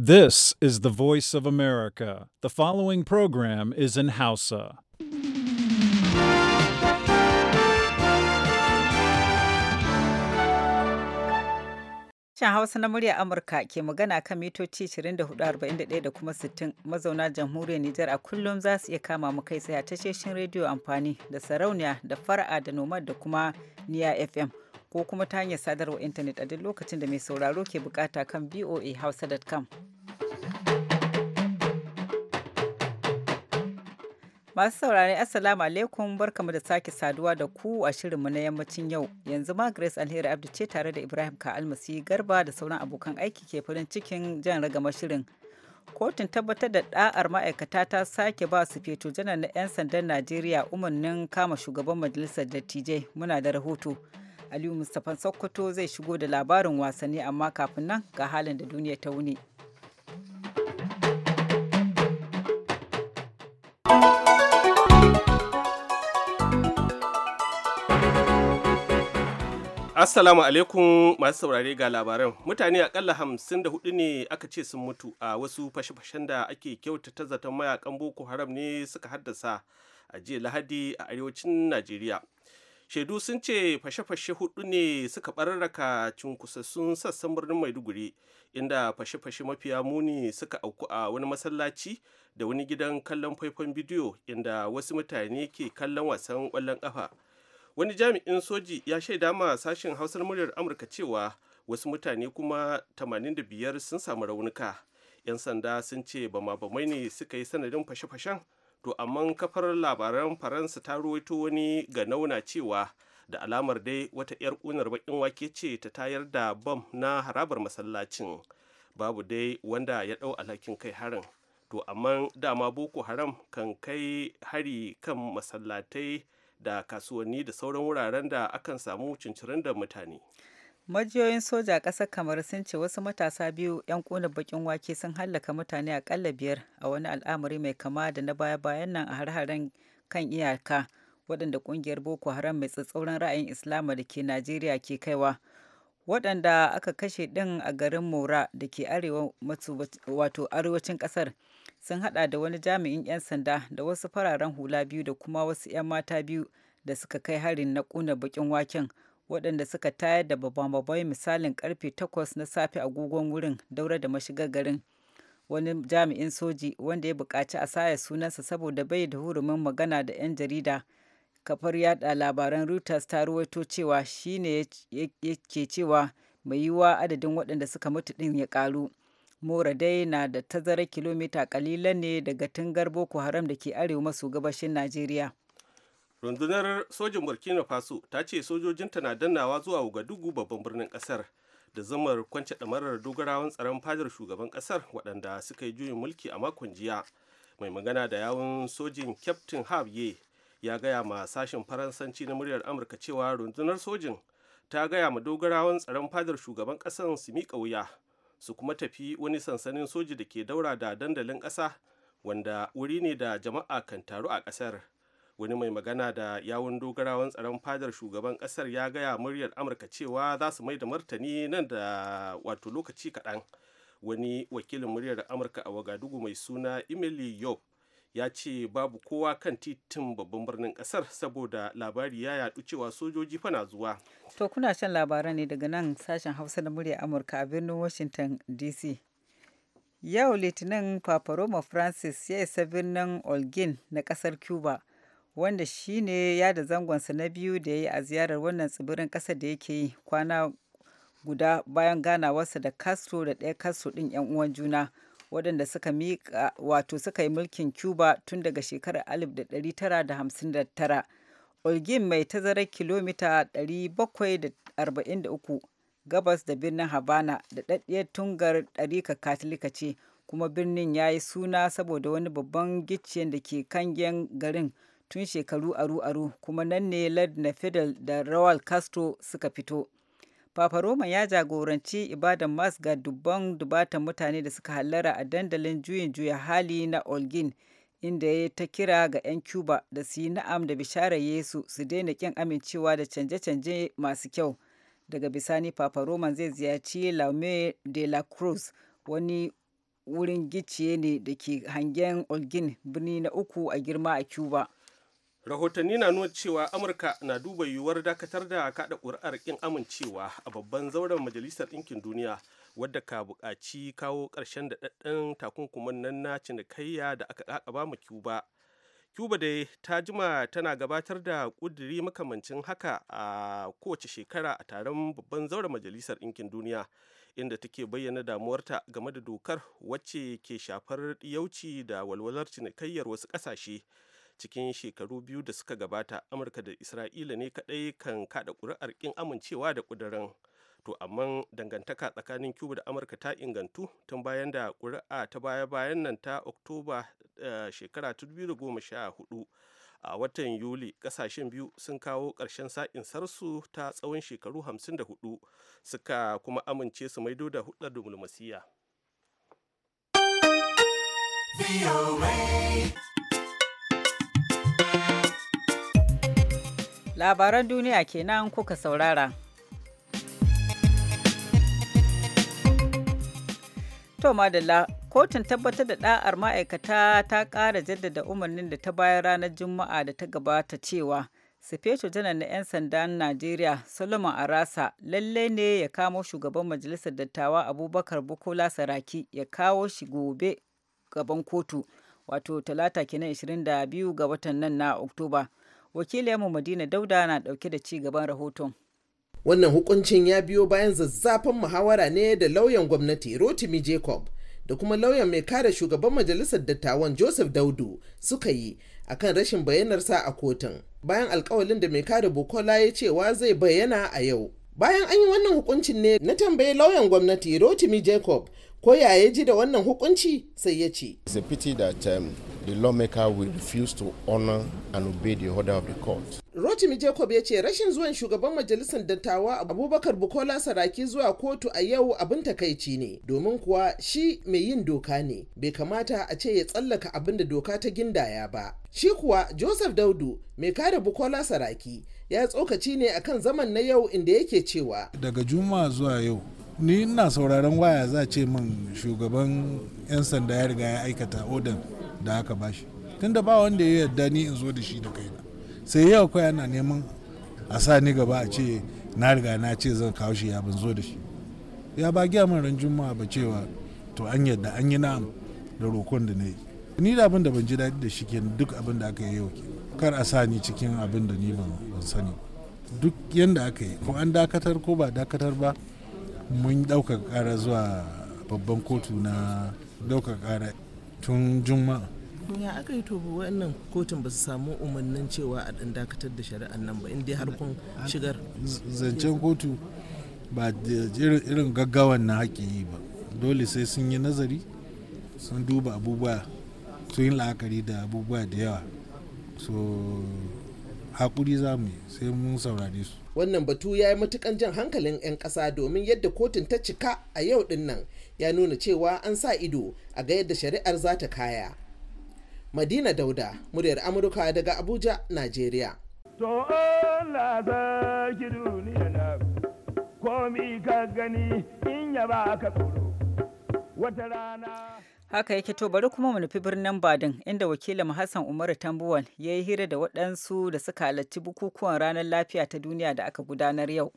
This is the voice of America. The following program is in Hausa. Sashen Hausa na murya Amurka ke magana kan mitoci 24,41 da kuma 60 mazauna jamhuriyar Nijar a kullum za su iya kama mu kai tsaye a tashoshin rediyo amfani da sarauniya da fara'a da nomad da kuma niya FM. ko kuma ta hanyar sadarwar intanet a duk lokacin da mai sauraro ke bukata kan voahausa.com. Masu saurare Assalamu alaikum barkamu da sake saduwa da ku a shirinmu na yammacin yau. Yanzu ma Grace Alheri Abdu ce tare da Ibrahim Ka'almasi Garba da sauran abokan aiki ke farin cikin jan ragama shirin. Kotun tabbatar da da'ar ma'aikata ta sake ba su feto janar na 'yan sandan Najeriya umarnin kama shugaban majalisar dattijai muna da rahoto. Aliyu Mustapha Sokoto zai shigo da labarin wasanni amma kafin nan ga halin da duniya ta wuni. Assalamu alaikum masu saurare ga labaran. Mutane akalla hamsin da hudu ne aka ce sun mutu a wasu fashe-fashen da ake kyautata zaton mayakan Boko Haram ne suka haddasa a jiya Lahadi a arewacin Najeriya. shaidu sun ce fashe-fashe hudu ne suka bararraka cunkusassun sassan birnin maiduguri inda fashe-fashe mafiya muni suka auku a wani masallaci da wani gidan kallon faifan bidiyo inda wasu mutane ke kallon wasan kwallon kafa wani jami'in soji ya shaida ma sashen hausar muryar amurka cewa wasu mutane kuma 85 sun samu raunuka 'yan sanda sun ce bama-bamai ne suka yi sanadin fashe-fashen to amma kafar labaran faransa ta ruwaito wani ga nauna cewa da alamar dai wata 'yar ƙunar baƙin wake ce ta tayar da bom na harabar masallacin babu dai wanda ya dau alhakin kai harin to amma dama boko haram kan kai hari kan masallatai da kasuwanni da sauran wuraren da akan samu cincirin da mutane majiyoyin soja a ƙasar kamar sun ce wasu matasa biyu 'yan kuna bakin wake sun hallaka mutane aƙalla biyar a wani al'amari mai kama da na baya-bayan nan a har-haren kan iyaka waɗanda ƙungiyar boko haram mai tsatsauran ra'ayin islama da ke najeriya ke kaiwa waɗanda aka kashe ɗin a garin mora da ke arewacin ƙasar sun haɗa da wani jami'in 'yan sanda da wasu fararen hula biyu da kuma wasu 'yan mata biyu da suka kai harin na ƙuna bakin waken waɗanda suka tayar da babban misalin karfe 8 na safe agogon wurin daura da mashigar garin wani jami'in soji wanda ya buƙaci a saya sunansa saboda bai da hurumin magana da 'yan jarida kafar yada labaran reuters ta ruwaito cewa shi ne yake cewa mai yiwuwa adadin waɗanda suka mutu ɗin ya ƙaru mora dai na da tazarar kilomita ƙalilan ne daga tungar boko haram da ke arewa maso gabashin najeriya rundunar sojin burkina faso ta ce sojojinta na dannawa zuwa dubu babban birnin kasar da zamar kwance ɗamarar dogarawan tsaron fadar shugaban kasar waɗanda suka yi juyin mulki a makon jiya mai magana da yawun sojin captain habye ya gaya ma sashen faransanci na muryar amurka cewa rundunar sojin ta gaya ma dogarawan tsaron fadar shugaban kasar su miƙa wuya su kuma tafi wani sansanin soji da ke daura da dandalin ƙasa wanda wuri ne da jama'a kan taru a ƙasar wani mai magana da yawun dogarawan tsaron fadar shugaban kasar ya gaya muryar amurka cewa za su mai da martani nan da wato lokaci kaɗan wani wakilin muryar amurka a wagadugu mai suna emily yob ya ce babu kowa kan titin babban birnin kasar saboda labari ya yadu cewa sojoji fana zuwa to kuna shan labaran ne daga nan sashen hausa na muryar amurka a birnin washington dc yau litinin paparoma francis ya isa birnin olgin na kasar cuba wanda shi ne yada zangonsa na biyu da ya yi a ziyarar wannan tsibirin ƙasa da yake yi kwana guda bayan ganawarsa da castro da ɗaya castro ɗin 'yan uwan juna waɗanda suka miƙa wato suka yi mulkin cuba tun daga shekarar 1959 olgin mai tazarar kilomita 743 gabas da birnin habana da ɗaɗɗiyar tungar ɗarika katolika ce kuma birnin ya yi suna saboda wani babban gicciyen da ke kangen garin tun shekaru aru-aru kuma nan ne na fidel da rawal castro suka fito Papa Roma ya jagoranci ibadan mas ga dubban dubatan mutane da suka hallara a dandalin juyin juya hali na Olgin, inda ya ta kira ga 'yan Cuba da su yi na'am da Bishara Yesu su daina kin amincewa da canje-canje masu kyau. Daga bisani Papa Roman zai ziyarci Laume de la Cruz, wani wurin giciye ne da ke hangen Olgin birni na uku a girma a Cuba. rahotanni na nuna cewa amurka na duba yiwuwar dakatar da kada ƙuri'ar ƙin amincewa a babban zauren majalisar ɗinkin duniya wadda ka buƙaci kawo ƙarshen daɗaɗɗen takunkuman nan na cinikayya da aka ƙaƙaba ma cuba cuba dai ta jima tana gabatar da ƙuduri makamancin haka a kowace shekara a taron babban zauren majalisar ɗinkin duniya inda take bayyana damuwarta game da dokar wacce ke shafar yauci da walwalar cinikayyar wasu ƙasashe cikin shekaru biyu da suka gabata amurka da isra'ila ne kadai kan kada kuri'ar kin amincewa da kudurin to amma dangantaka tsakanin cuba da amurka ta ingantu tun bayan da kuri'a ta baya-bayan nan ta oktoba eh, shekara 2014 a watan yuli kasashen biyu sun kawo ƙarshen sa'in sarsu ta tsawon shekaru 54 suka kuma amince su maido da hudar diflomasiyya. Labaran duniya kenan kuka saurara. To madalla kotun tabbatar da ɗa'ar ma'aikata ta ƙara jaddada umarnin da ta bayar ranar juma'a da ta gabata cewa sufeto janar na 'yan sandan najeriya solomon arasa lalle ne ya kamo shugaban majalisar dattawa abubakar bukola saraki ya kawo shi gobe gaban kotu wato talata kenan 22 ga watan nan na oktoba wakiliyarmu madina dauda na dauke da ci gaban rahoton wannan hukuncin ya biyo bayan zazzafan muhawara ne da lauyan gwamnati rotimi jacob da kuma lauyan mai kare shugaban majalisar dattawan joseph daudu suka yi akan rashin bayyanarsa a kotun bayan alkawalin da mai kare bukola ya cewa zai bayyana a yau bayan an yi wannan hukuncin ne na tambayi lauyan gwamnati rotimi jacob ko ya ya ji da wannan hukunci sai ya ce it's a pity that um, the lawmaker will refuse to honor and obey the order of the court rotimi jacob ya ce rashin zuwan shugaban majalisar dattawa abubakar bukola saraki zuwa kotu a yau abin takaici ne domin kuwa shi mai yin doka ne bai kamata a ce ya tsallaka abin da doka ta gindaya ba shi kuwa joseph daudu mai kare bukola saraki ya tsokaci ne akan zaman na yau inda yake cewa daga juma'a zuwa yau ni ina sauraron waya za ce min shugaban 'yan sanda ya riga ya aikata odan da aka bashi tunda ba wanda ya yarda ni in zo da shi da kaina sai yau kawai ana neman a sa ni gaba a ce na riga na ce zan kawo shi ya ban zo da shi ya ba gya min ran juma'a ba cewa to an yarda an yi na da rokon da na yi ni da abin da ban ji daɗi da shi ke duk abin da aka yi yau kenan kar a sa ni cikin abin da ni ban sani duk yadda aka yi ko an dakatar ko ba dakatar ba mun dauka ƙara zuwa babban kotu na dauka ƙara tun juma'a ya aka yi to wannan kotun ba su samu umarnin cewa a ɗan dakatar da shari'ar nan ba inda har kun shigar zancen kotu ba irin gaggawan na haƙƙi yi ba dole sai sun yi nazari sun duba abubuwa sun yi la'akari da abubuwa da yawa so hakuri za mu sai mun saurare su wannan batu ya yi matukan jan hankalin 'yan ƙasa domin yadda kotun ta cika a yau din ya nuna cewa an sa ido a ga yadda shari'ar za ta kaya madina dauda muryar amurka daga abuja najeriya in ya ba rana Haka yake to bari kuma mu nufi birnin Badin inda wakilin mu Hassan Umaru Tambuwal ya yi hira da waɗansu da suka halarci bukukuwan ranar lafiya ta duniya da aka gudanar yau.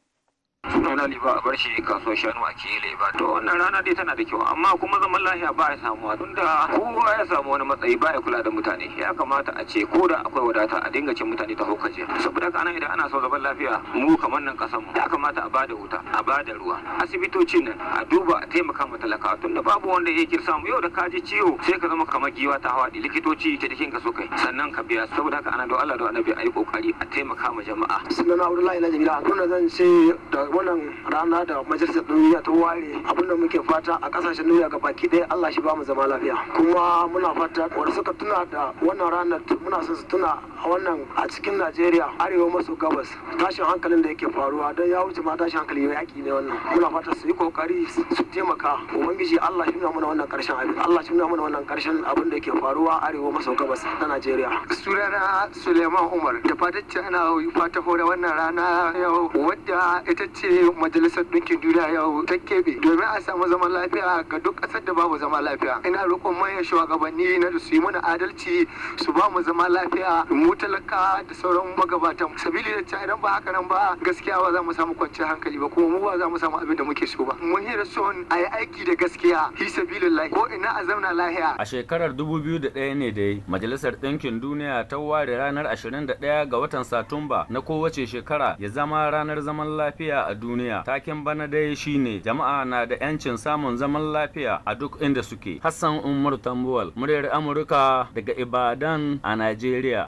sunana ne a bar shi kasuwar shanu a kele ba to wannan rana dai tana da kyau amma kuma zaman lahiya ba ya samuwa tun da kowa ya samu wani matsayi ba ya kula da mutane ya kamata a ce ko da akwai wadata a dinga cin mutane ta hukace saboda haka ana idan ana son zaman lafiya mu kamar nan kasan mu ya kamata a da wuta a bada ruwa asibitocin nan a duba a taimaka ma talakawa tun da babu wanda yake samu yau da ka ji ciwo sai ka zama kamar giwa ta hawa likitoci ta dikin ka sokai, sannan ka biya saboda haka ana da Allah da Annabi a yi kokari a taimaka ma jama'a sunana Abdullahi na Jamila tun zan ce wannan rana da majalisar duniya ta ware abinda muke fata a kasashen duniya ga baki ɗaya Allah shi ba mu zama lafiya kuma muna fata wanda suka tuna da wannan ranar muna son su tuna a wannan a cikin Najeriya arewa maso gabas tashin hankalin da yake faruwa don ya wuce ma tashin hankali yaƙi ne wannan muna fata su yi kokari su taimaka ubangiji Allah shi mana wannan karshen abin Allah shi nuna mana wannan karshen abin da yake faruwa arewa maso gabas na Najeriya surana Suleiman Umar da fatan ana fata hore wannan rana yau wadda ita ce ce majalisar ɗinkin duniya yau ta keɓe domin a samu zaman lafiya ga duk ƙasar da babu zama lafiya ina roƙon manyan shugabanni na da su yi mana adalci su ba mu zama lafiya mu talaka da sauran magabatan sabili da idan ba haka nan ba gaskiya ba za mu samu kwanciyar hankali ba kuma mu ba za mu samu abin da muke so ba mun hira son a yi aiki da gaskiya fi sabilillahi ko ina a zauna lahiya a shekarar 2001 ne dai majalisar ɗinkin duniya ta ware ranar 21 ga watan satumba na kowace shekara ya zama ranar zaman lafiya a a duniya taken bana dai shine jama'a na da yancin samun zaman lafiya a duk inda suke hassan umar tambuwal muryar amurka daga ibadan a najeriya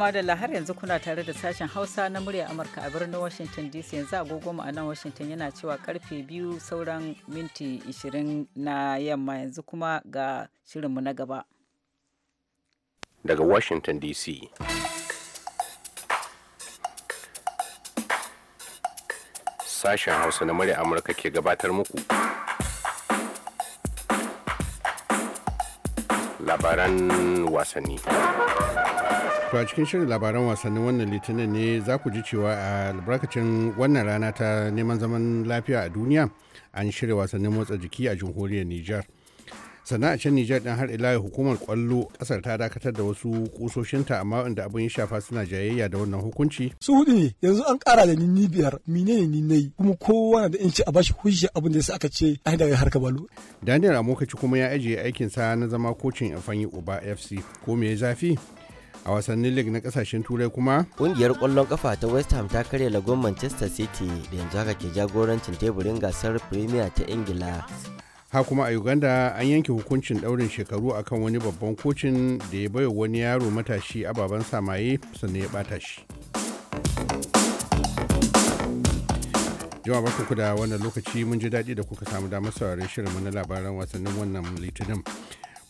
da har yanzu kuna tare da sashen Hausa na murya Amurka a birnin Washington DC yanzu agogo mu a nan Washington yana cewa karfe biyu sauran minti 20 na yamma yanzu kuma ga shirinmu na gaba. Daga Washington DC. Sashen Hausa na murya Amurka ke gabatar muku. Labaran wasanni. To a cikin shirin labaran wasannin wannan litinin ne za ku ji cewa a albarkacin wannan rana ta neman zaman lafiya a duniya an shirya wasannin motsa jiki a jamhuriyar Nijar. Sannan a can Nijar ɗin har ila hukumar kwallo ƙasar ta dakatar da wasu kusoshinta amma inda abin ya shafa suna jayayya da wannan hukunci. Su hudu ne yanzu an ƙara da ni biyar menene ni nayi kuma kowa da inci a bashi hujja abin da ya aka ce an daga harka balo. Daniel Amokaci kuma ya ajiye aikinsa na zama kocin Ifanyi Uba FC ko me zafi? a wasannin league na kasashen turai kuma kungiyar kwallon kafa ta west ham ta karya lagon manchester city da yanzu haka ke jagorancin teburin gasar premier ta ingila ha kuma a uganda an yanke hukuncin daurin shekaru akan wani babban kocin da ya baiwa wani yaro matashi ababen samaye sannan ya bata shi jama'a barkanku da wannan lokaci mun ji daɗi da kuka samu damar sauraron shirin na labaran wasannin wannan litinin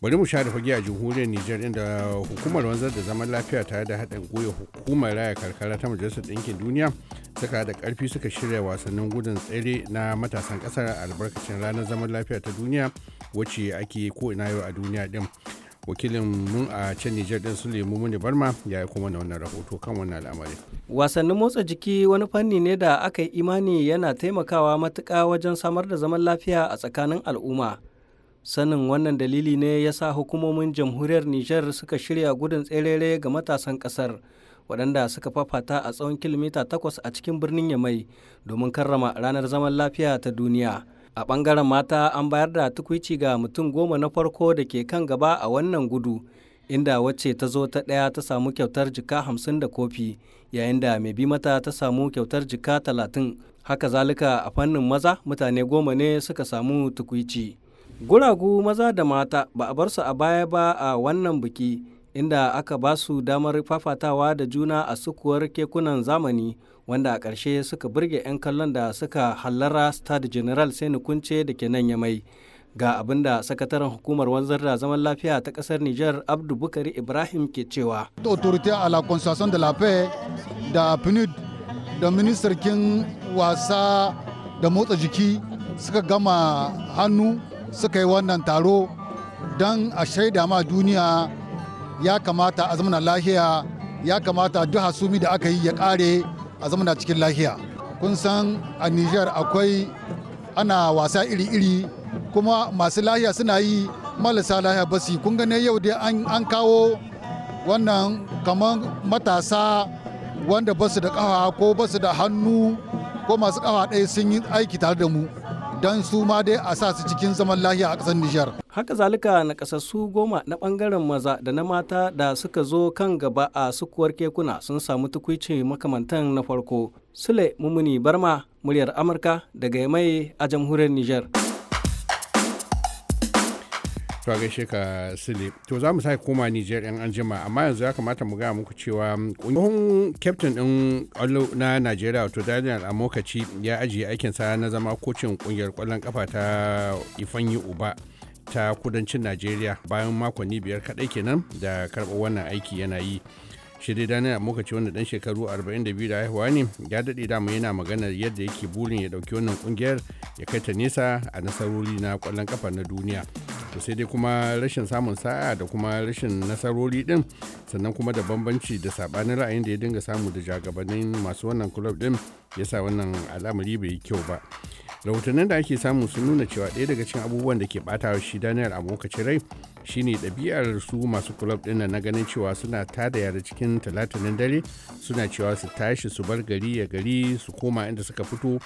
bari mu share fage a jamhuriyar niger inda hukumar wanzar da zaman lafiya tare da haɗin gwiwa hukumar raya karkara ta majalisar ɗinkin duniya suka da ƙarfi suka shirya wasannin gudun tsere na matasan ƙasar albarkacin ranar zaman lafiya ta duniya wacce ake ko ina yau a duniya ɗin wakilin mun a can nijar ɗin su lemu muni barma ya yi kuma na wannan rahoto kan wannan al'amari wasannin motsa jiki wani fanni ne da aka yi imani yana taimakawa matuka wajen samar da zaman lafiya a tsakanin al'umma Sanin wannan dalili ne ya sa hukumomin jamhuriyar niger suka shirya gudun tserere ga matasan kasar waɗanda suka fafata a tsawon kilomita takwas a cikin birnin Yamai domin karrama ranar zaman lafiya ta duniya. A ɓangaren mata an bayar da tukwici ga mutum goma na farko da ke kan gaba a wannan gudu. inda wacce ta zo ta ɗaya ta samu kyautar jika hamsin da kofi yayin da mai bi mata ta samu kyautar jika talatin haka zalika a fannin maza mutane goma ne suka samu tukwici Guragu maza da mata ba a bar su a baya ba a wannan biki inda aka ba su damar fafatawa da juna a sukuwar kekunan zamani wanda a ƙarshe suka burge 'yan kallon da suka hallara stade general sai kunce da ke nan ya mai. ga abin da sakataren hukumar wanzar da zaman lafiya ta ƙasar Nijar Abdu Bukari Ibrahim ke cewa. Autorité à la concession de la paix da PNUD da ministarkin wasa da motsa jiki suka gama hannu suka yi wannan taro don a shaida ma duniya ya kamata a zamana lahiya ya kamata duk hasumi da aka yi ya kare a zamana cikin lahiya kun san a niger akwai ana wasa iri-iri kuma masu lahiya suna yi malasa lahiya basi kun gane yau dai an kawo wannan kamar matasa wanda basu da kawa ko basu da hannu ko masu kawa ɗaya sun yi aiki tare da mu don su ma dai a sa su cikin zaman lahiya a ƙasar Nijar. Haka zalika na ƙasassu goma na ɓangaren maza da na mata da suka zo kan gaba a sukuwar kekuna sun samu tukuici makamantan na farko. Sule Mumuni Barma, muryar Amurka daga Yamai a jamhuriyar Nijar. to gaishe ka sile to za mu sake koma Nijar yan anjima amma yanzu ya kamata mu gaya muku cewa tsohon kyaftin ɗin kwallo na Najeriya to Daniel Amokachi ya ajiye aikin sa na zama kocin kungiyar kwallon kafa ta Ifanyi Uba ta kudancin Najeriya bayan makonni biyar kadai kenan da karɓar wannan aiki yana yi shirya daniel muka wanda dan shekaru 42 da haihuwa ne ya daɗe dama yana maganar yadda yake burin ya dauki wannan kungiyar ya kai ta nesa a nasarori na ƙwallon ƙafa na duniya to sai dai kuma rashin samun sa'a da kuma rashin nasarori din sannan kuma da bambanci da sabanin ra'ayin da ya dinga samu da jagabannin masu wannan club din yasa wannan al'amari bai yi kyau ba rahotannin da ake samu sun nuna cewa ɗaya daga cikin abubuwan da ke ɓata shi daniel amokacin rai shine ɗabi'ar su masu kulob ɗin na ganin cewa suna tada yara cikin talatinin dare suna cewa su tashi su bar gari ya gari su koma inda suka fito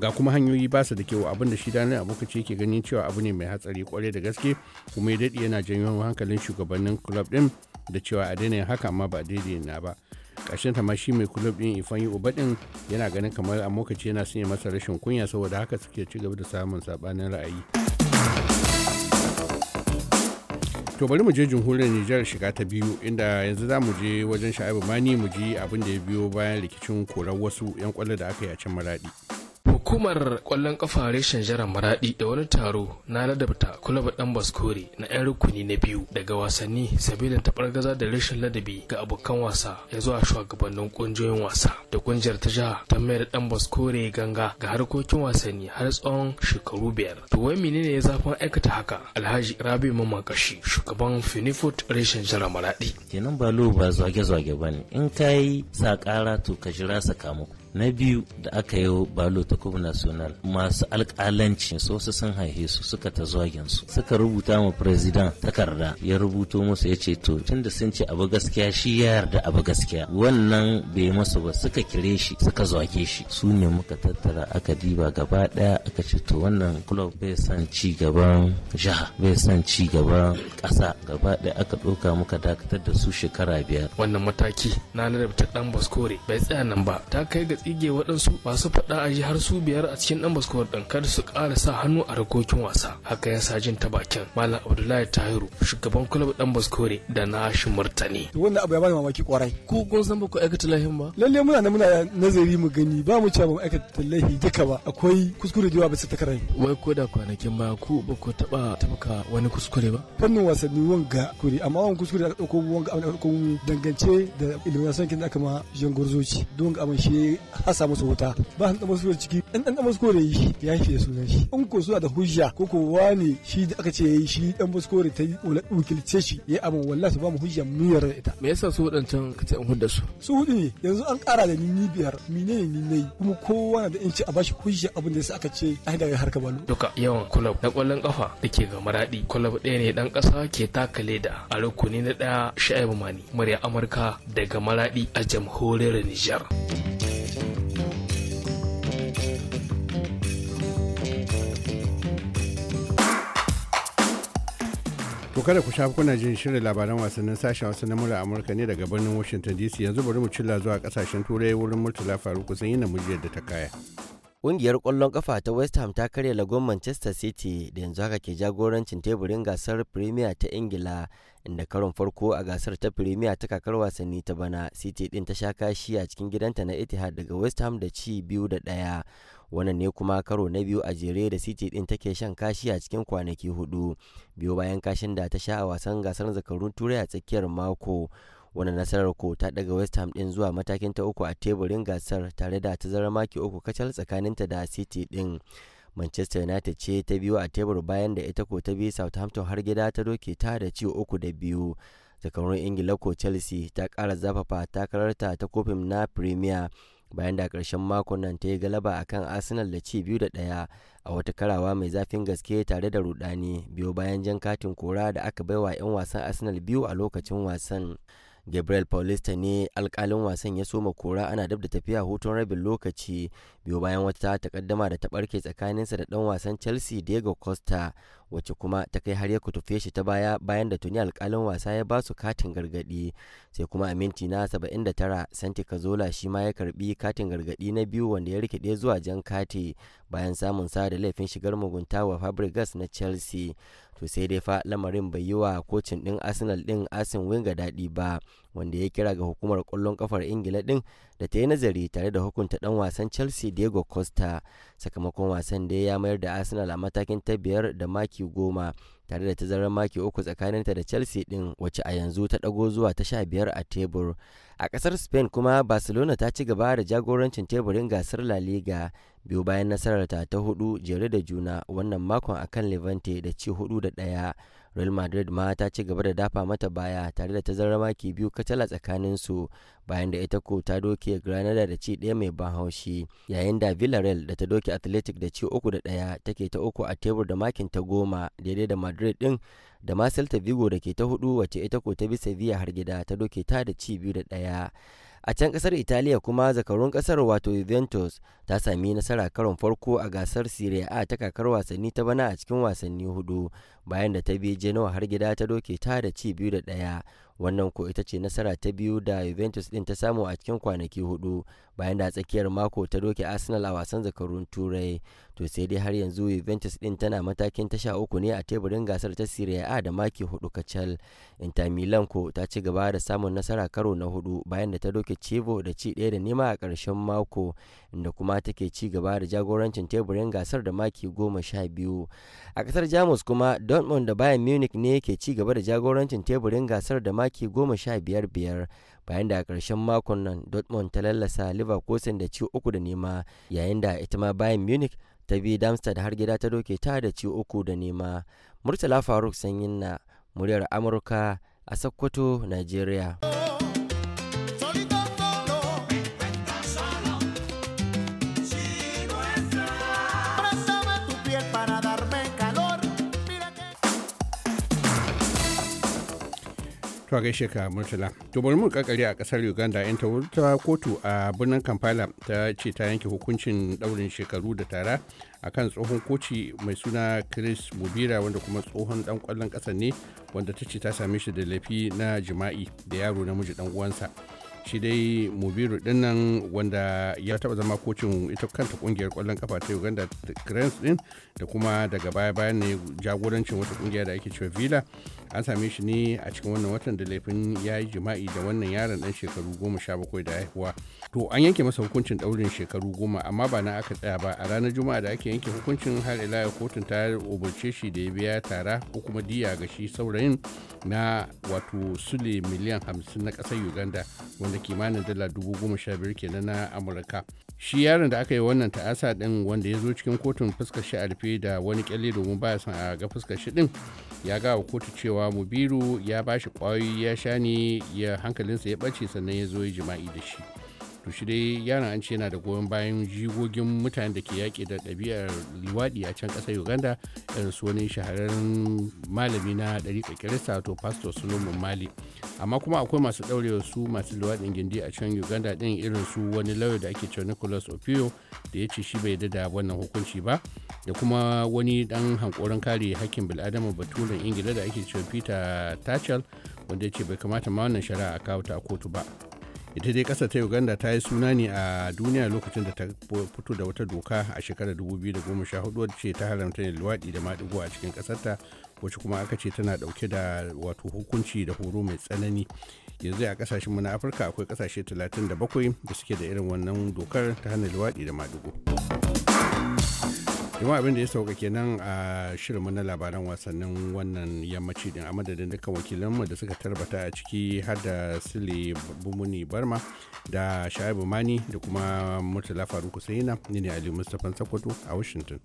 ga kuma hanyoyi basu da kyau abin da shi daniel abokaci yake ganin cewa abu ne mai hatsari kwarai da gaske kuma ya daɗi yana janyo hankalin shugabannin kulob ɗin da cewa a daina yin haka amma ba daidai na ba ƙarshen ta ma shi mai kulub ɗin ifanyi uba ɗin yana ganin kamar a mokaci yana sanya masa rashin kunya saboda haka suke ci gaba da samun sabanin ra'ayi to bari mu je jamhuriyar Nijar shiga ta biyu inda yanzu za mu je wajen sha'abu mani mu ji abin da ya biyo bayan rikicin korar wasu 'yan kwallo da aka yi a can maraɗi. Hukumar kwallon kafa reshen jaran Maradi da wani taro na ladabta kulaba dan Baskore na 'yan rukuni na biyu daga wasanni sabilin gaza da rashin ladabi ga abokan wasa ya zuwa shugabannin kungiyoyin wasa da kungiyar ta jiha ta mayar dan Baskore ganga ga harkokin wasanni har tsawon shekaru biyar. To wai menene ya zafin aikata haka? Alhaji Rabi Mamakashi shugaban finifod reshen jaran Maradi. Kenan balo ba zage-zage bane in kai sa ƙara to ka jira sakamako. na biyu da aka yi balo ta kubu national masu alƙalanci so su sun haihe su suka ta zagin su suka rubuta ma president takarda ya rubuto musu ya ce to tunda sun ce abu gaskiya shi ya yarda abu gaskiya wannan bai masu ba suka kire shi suka zage shi su ne muka tattara aka diba gaba daya aka ce to wannan club bai san ci gaban jiha bai san ci gaban ƙasa gaba daya aka ɗauka muka dakatar da su shekara biyar wannan mataki na ta dan baskore bai tsaya nan ba ta kai ga tsige waɗansu masu faɗa a ji har su biyar a cikin ɗan baskuwar ɗin kada su ƙara sa hannu a rakokin wasa haka ya sajin jin ta bakin malam abdullahi tahiru shugaban kulub ɗan baskore da shi murtani. wannan abu ya bani mamaki kwarai. ku kun san ba ku aikata lahin ba. lalle muna na muna nazari mu gani ba mu cewa ba mu aikata lahi duka ba akwai kuskure da yawa bisa karai. wai ko da kwanakin ba ku ba ku taɓa tabka wani kuskure ba. fannin wasanni wanga kuri amma wani kuskure da aka ɗauko wanga aka ɗauko dangance da ilimin wasan kin da aka ma jangorzoci don abin shi a samu su wuta ba an musu ciki an dan musu kore yi ya fiye sunan shi in ko suna da hujja ko ko wani shi da aka ce yayi shi dan musu kore ta wakilce shi yayi abin wallahi su ba mu hujja mu yarda ita me yasa su wadancan ka ce in hudda su su hudu ne yanzu an kara da ni biyar menene ni nayi kuma kowa da in ce a bashi hujja abin da sa aka ce ai daga harka balu duka yawan kulab na kwallon kafa ke ga maradi kulab ɗaya ne dan ƙasa ke taka da a rukuni na ɗaya sha'ibu mani murya amurka daga maradi a jamhuriyar nijar. To kada ku shafi kuna jin shirin labaran wasannin sashen wasu na mura Amurka ne daga birnin Washington DC yanzu bari mu cilla zuwa kasashen turai wurin Murtala faru kusan yi namijiyar da ta kaya. Ƙungiyar kwallon kafa ta West Ham ta karya lagon Manchester City da yanzu haka ke jagorancin teburin gasar Premier ta Ingila inda karon farko a gasar ta firimiya ta kakar wasanni ta bana city din ta sha kashi a cikin gidanta na etihad daga west ham da ci biyu da daya wannan ne kuma karo na biyu a jere da city din take shan kashi a cikin kwanaki hudu biyu bayan kashin da ta sha a wasan gasar zakarun turai a tsakiyar mako wani nasarar ko ta daga west ham din zuwa matakin ta uku a teburin gasar tare da ta zara maki uku kacal tsakaninta da city din manchester united ce ta biyu a tebur bayan da ita ko ta bi southampton har gida ta doke ta da ciwo uku da biyu zakarun ingila ko chelsea ta kara zafafa takararta ta kofin na premier bayan da karshen makon nan ta yi galaba akan arsenal da ci biyu da ɗaya a wata karawa mai zafin gaske tare da rudani biyu bayan jan katin kora da aka baiwa 'yan wasan arsenal biyu a lokacin wasan gabriel paulista ne alkalin wasan ya soma kora ana dab da tafiya hutun rabin lokaci biyu bayan wata takaddama da ta barke tsakaninsa da dan wasan chelsea diego costa wacce kuma ta kai har ya kutufe shi ta baya bayan da tuni alkalin wasa ya basu katin gargadi sai kuma a minti na 79 santi kazola shi ma ya karbi katin gargadi na biyu wanda ya rikide zuwa jan kati bayan samun sa da laifin shigar mugunta wa fabregas na chelsea to sai dai fa lamarin bai yi wa kocin din arsenal din asin winga daɗi ba wanda ya kira ga hukumar ƙwallon kafar ingila ɗin da ta yi nazari tare da hukunta ɗan wasan chelsea diego costa sakamakon wasan da ya mayar da arsenal a matakin ta biyar da maki goma tare da tazarar maki uku tsakaninta da chelsea din wace a yanzu ta ɗago zuwa ta sha biyar a tebur a ƙasar spain kuma barcelona ta ci gaba da jagorancin teburin gasar la liga biyu bayan nasararta ta hudu jere da juna wannan makon akan levante da ci hudu da ɗaya real madrid ma ta ci gaba da dafa mata baya tare da tazarar maki biyu katala su bayan da ita ko ta doke granada da ci ɗaya mai ban haushi yayin da villarreal da ta doke athletic da ci uku da ɗaya take ta uku a tebur da makin ta goma daidai da madrid din da ma celta vigo da ke ta hudu wacce ita ko ta bi sevilla har gida ta doke ta da ci biyu da ɗaya a can kasar italiya kuma zakarun kasar wato juventus ta sami nasara karon farko a gasar serie a ta kakar wasanni ta bana a cikin wasanni hudu bayan da ta bi genoa har gida ta doke ta da ci biyu da ɗaya wannan ko ita ce nasara ta biyu da juventus din ta samu a cikin kwanaki hudu bayan da tsakiyar mako ta doke arsenal a wasan zakarun turai to sai dai har yanzu juventus din tana matakin tasha uku ne a teburin gasar ta serie a da maki hudu kacal inter milan ko ta ci gaba da samun nasara karo na hudu bayan da ta doke cibo da ci daya da nema a karshen mako inda kuma take ci gaba da jagorancin teburin gasar da maki goma sha biyu a ƙasar jamus kuma dortmund da bayern munich ne ke ci gaba da jagorancin teburin gasar da maki goma sha biyar biyar bayan da a ƙarshen makon nan dortmund ta lallasa leverkusen da ci uku da nema yayin da ita ma bayern munich ta bi damstad har gida ta doke ta da ci uku da nema murtala faruk sanyin na muryar amurka a sokoto nigeria to shekara murtala to bari mu a kasar uganda yan ta kotu a birnin kampala ta ce ta yanke hukuncin daurin shekaru da tara a kan tsohon koci mai suna chris mubira wanda kuma tsohon dan kwallon kasa ne wanda ta ce ta same shi da laifi na jima'i da yaro na namiji dan uwansa shi dai mubiru dinnan nan wanda ya taba zama kocin ita kanta kungiyar kwallon kafa ta uganda cranes din da kuma daga baya bayan ne jagorancin wata kungiya da ake cewa villa an same shi ne a cikin wannan watan da laifin ya yi jima'i da wannan yaron dan shekaru goma sha bakwai da haihuwa to an yanke masa hukuncin ɗaurin shekaru goma amma ba na aka tsaya ba a ranar juma'a da ake yanke hukuncin har ila kotun ta umarce shi da ya biya tara ko kuma diya ga shi saurayin na wato sule miliyan hamsin na ƙasar uganda wanda kimanin dala dubu goma sha biyar kenan na amurka shi yaron da aka yi wannan ta'asa din wanda ya zo cikin kotun fuskar shi alfe da wani kyalle domin baya son a ga fuskar shi din ya wa kotu cewa mubiru ya bashi kwayoyi ya sha ne ya hankalinsa ya ɓace sannan ya zo ya jima'i da shi to dai yana an ce yana da goyon bayan jigogin mutanen da ke yaƙi da ɗabi'ar liwaɗi a can ƙasar uganda irin su wani shahararren malami na ɗariƙa kirista to pastor solomon mali amma kuma akwai masu ɗaurewa su masu liwaɗin gindi a can uganda ɗin irin su wani lauya da ake cewa nicholas opio da ya ce shi bai da wannan hukunci ba da kuma wani ɗan hankoron kare hakkin bil'adama baturen ingila da ake cewa peter tachel wanda ya ce bai kamata ma wannan shari'a a kawo ta kotu ba ita dai kasa ta uganda ta yi suna ne a duniya lokacin da ta fito da wata doka a shekarar 2014 ce ta haramta ne luwaɗi da maɗigo a cikin kasarta wacce kuma aka ce tana ɗauke da wato hukunci da horo mai tsanani yanzu a kasashen mu na afirka akwai ƙasashe 37 da suke da irin wannan dokar ta hana luwaɗi da maɗigo. jama'a abin da ya sauka kenan a shirinmu na labaran wasannin wannan yammaci din a madadin dukkan wakilanmu da suka tarbata a ciki har da sile bumuni barma da sha'ibu mani da kuma murtala faruk husaina ni ne ali mustapha sakwato a washington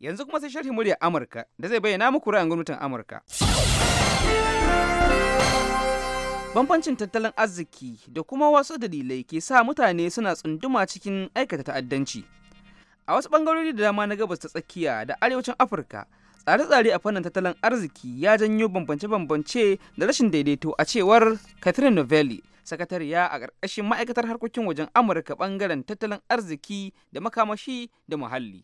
yanzu kuma sai sharhi murya amurka da zai bayyana muku ra'ayin gwamnatin amurka Bambancin tattalin arziki da kuma wasu dalilai ke sa mutane suna tsunduma cikin aikata ta'addanci. A wasu bangarori da dama na gabas ta tsakiya da arewacin Afirka, tsare-tsare a fannin tattalin arziki ya janyo bambance-bambance da rashin daidaito a cewar Catherine Novelli, sakatariya a ƙarƙashin ma'aikatar harkokin wajen Amurka bangaren tattalin arziki da makamashi da muhalli.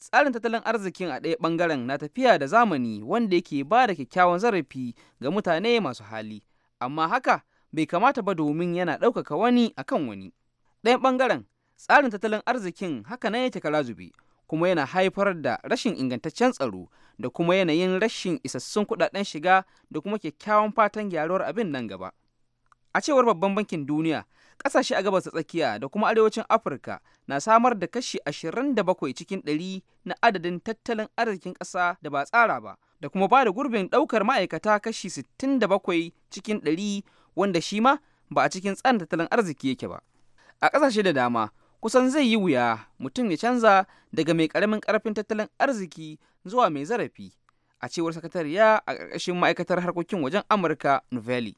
tsarin tattalin arzikin a ɗaya bangaren na tafiya da zamani wanda yake ba da kyakkyawan zarafi ga mutane masu hali amma haka bai kamata ba domin yana ɗaukaka wani akan wani ɗayan ɓangaren tsarin tattalin arzikin haka na yake kara zube kuma yana haifar da rashin ingantaccen tsaro da kuma yanayin rashin isassun kuɗaɗen shiga da kuma kyakkyawan fatan gyaruwar abin nan gaba a cewar babban bankin duniya ƙasashe a gabas ta tsakiya da kuma arewacin afirka na samar da kashi 27 cikin 100 na adadin tattalin arzikin ƙasa da ba tsara ba da kuma ba da gurbin ɗaukar ma'aikata kashi 67 cikin 100 wanda shi ma ba a cikin tsarin tattalin arziki yake ba. A ƙasashe da dama, kusan zai yi wuya mutum ya canza daga mai ƙaramin ƙarfin tattalin arziki zuwa mai zarafi, a cewar sakatariya a ƙarƙashin ma'aikatar harkokin wajen Amurka Novelli.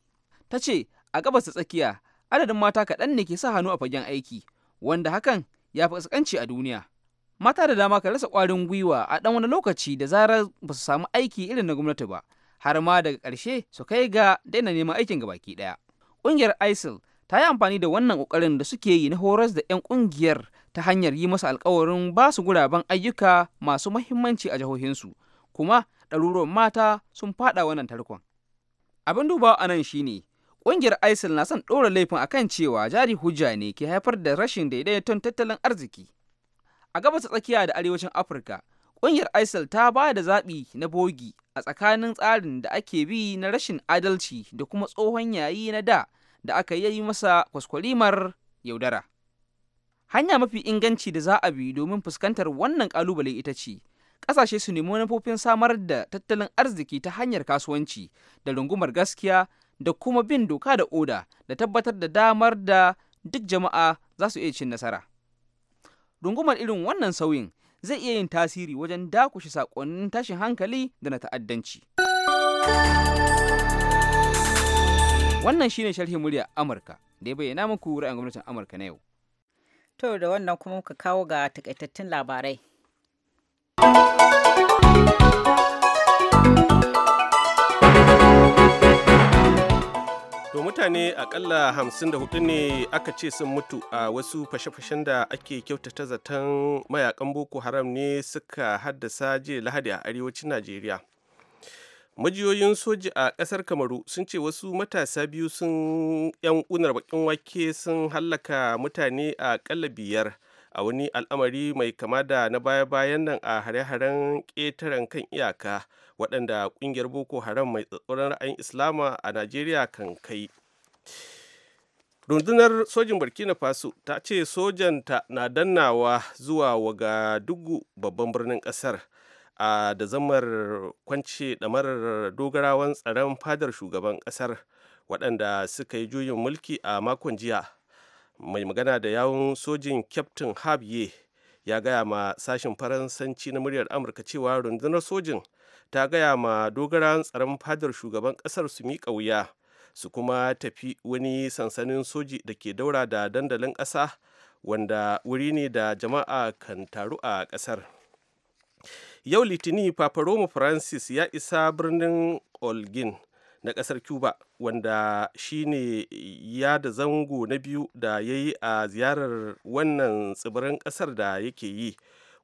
Ta ce, a gabas ta tsakiya, adadin mata kaɗan ne ke sa hannu a fagen aiki, wanda hakan ya fi ƙasƙanci a duniya. mata da dama kan rasa ƙwarin gwiwa a ɗan wani lokaci da zarar ba su samu aiki irin na gwamnati ba har ma daga ƙarshe su kai ga daina neman aikin ga baki ɗaya ƙungiyar isil ta yi amfani da wannan ƙoƙarin da suke yi na horas da 'yan ƙungiyar ta hanyar yi masa alƙawarin ba su guraben ayyuka masu mahimmanci a jihohinsu kuma ɗaruruwan mata sun faɗa wannan tarkon abin dubawa a nan shine ƙungiyar isil na son ɗora laifin akan cewa jari hujja ne ke haifar da rashin daidaiton tattalin arziki a gabas tsakiya da arewacin afirka ƙungiyar isil ta ba da zaɓi na bogi a tsakanin tsarin da ake bi na rashin adalci da kuma tsohon yayi na da da aka yi masa kwaskwalimar yaudara hanya mafi inganci da za a bi domin fuskantar wannan ƙalubale ita ce ƙasashe su nemi manufofin samar da tattalin arziki ta hanyar kasuwanci da rungumar gaskiya da kuma bin doka da oda da tabbatar da damar da duk jama'a za su iya cin nasara rungumar irin wannan sauyin zai iya yin tasiri wajen dakushe sakonnin tashin hankali da na ta'addanci. Wannan shi ne sharhin murya Amurka da ya bayyana muku ra'ayin gwamnatin Amurka na yau. To da wannan kuma muka kawo ga takaitattun labarai. to mutane akalla hudu ne aka ce sun mutu a wasu fashe-fashen da ake kyautata zaton mayakan boko haram ne suka haddasa jiya lahadi a arewacin najeriya majiyoyin soji a ƙasar kamaru sun ce wasu matasa biyu sun yan unar bakin wake sun hallaka mutane a ƙalla biyar a wani al'amari mai kama da na baya-bayan nan a hare-haren ƙetaren kan iyaka waɗanda ƙungiyar boko haram mai tsatsuran ra'ayin islama a najeriya kan kai rundunar sojin burkina faso ta ce sojanta na dannawa zuwa waga duk babban birnin ƙasar a da zamar kwance ɗamarar dogarawan tsaron fadar shugaban ƙasar waɗanda suka yi juyin mulki a makon jiya mai magana da yawun sojin captain habye ya gaya ma sashen faransanci na muryar amurka cewa rundunar sojin ta gaya ma dogaran tsaron fadar shugaban kasar su miƙa wuya su kuma tafi wani sansanin soji da ke daura da dandalin ƙasa wanda wuri ne da jama'a kan taru a ƙasar yau litini paparoma francis ya isa birnin olgin na ƙasar cuba wanda shi ne ya da zango na biyu da ya yi a ziyarar wannan tsibirin ƙasar da yake yi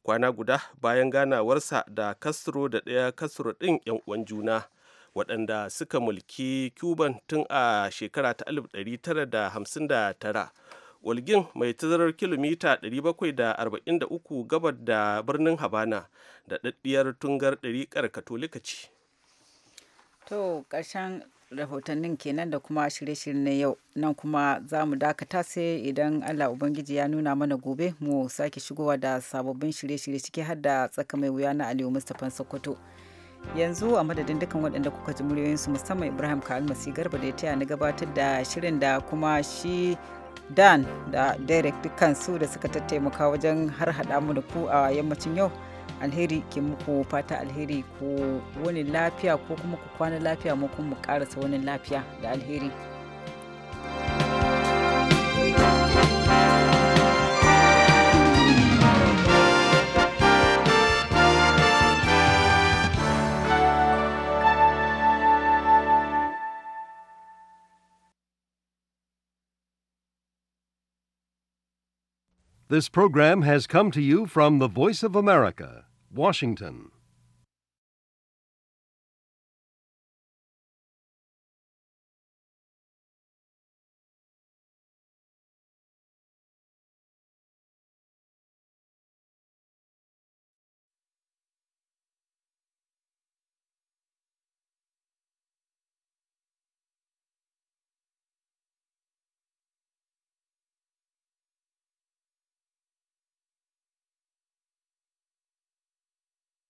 kwana guda bayan ganawarsa da castro da ɗaya castro ɗin 'yan uwan juna waɗanda suka mulki cuban tun a shekara ta 1959 walgin mai tazarar kilomita 743 gabar da birnin habana da ɗaɗɗiyar tungar ɗariƙar katolika ce To ƙarshen rahotannin kenan da kuma shirye-shirye na yau nan kuma za mu dakata sai idan Allah Ubangiji ya nuna mana gobe mu sake shigowa da sababbin shirye-shirye ciki har da tsaka mai wuya na Aliyu Mustapha Sokoto. Yanzu a madadin dukkan waɗanda kuka ji muryoyinsu musamman Ibrahim Ka'al Masi Garba da ya taya na gabatar da shirin da kuma shi Dan da Derek dukkan su da suka tattaimaka wajen har haɗa mu da ku a yammacin yau. alheri ke muku fata alheri ko wani lafiya ko kuma ku kwana lafiya mu kuma karasa wani lafiya da alheri This program has come to you from the Voice of America, Washington.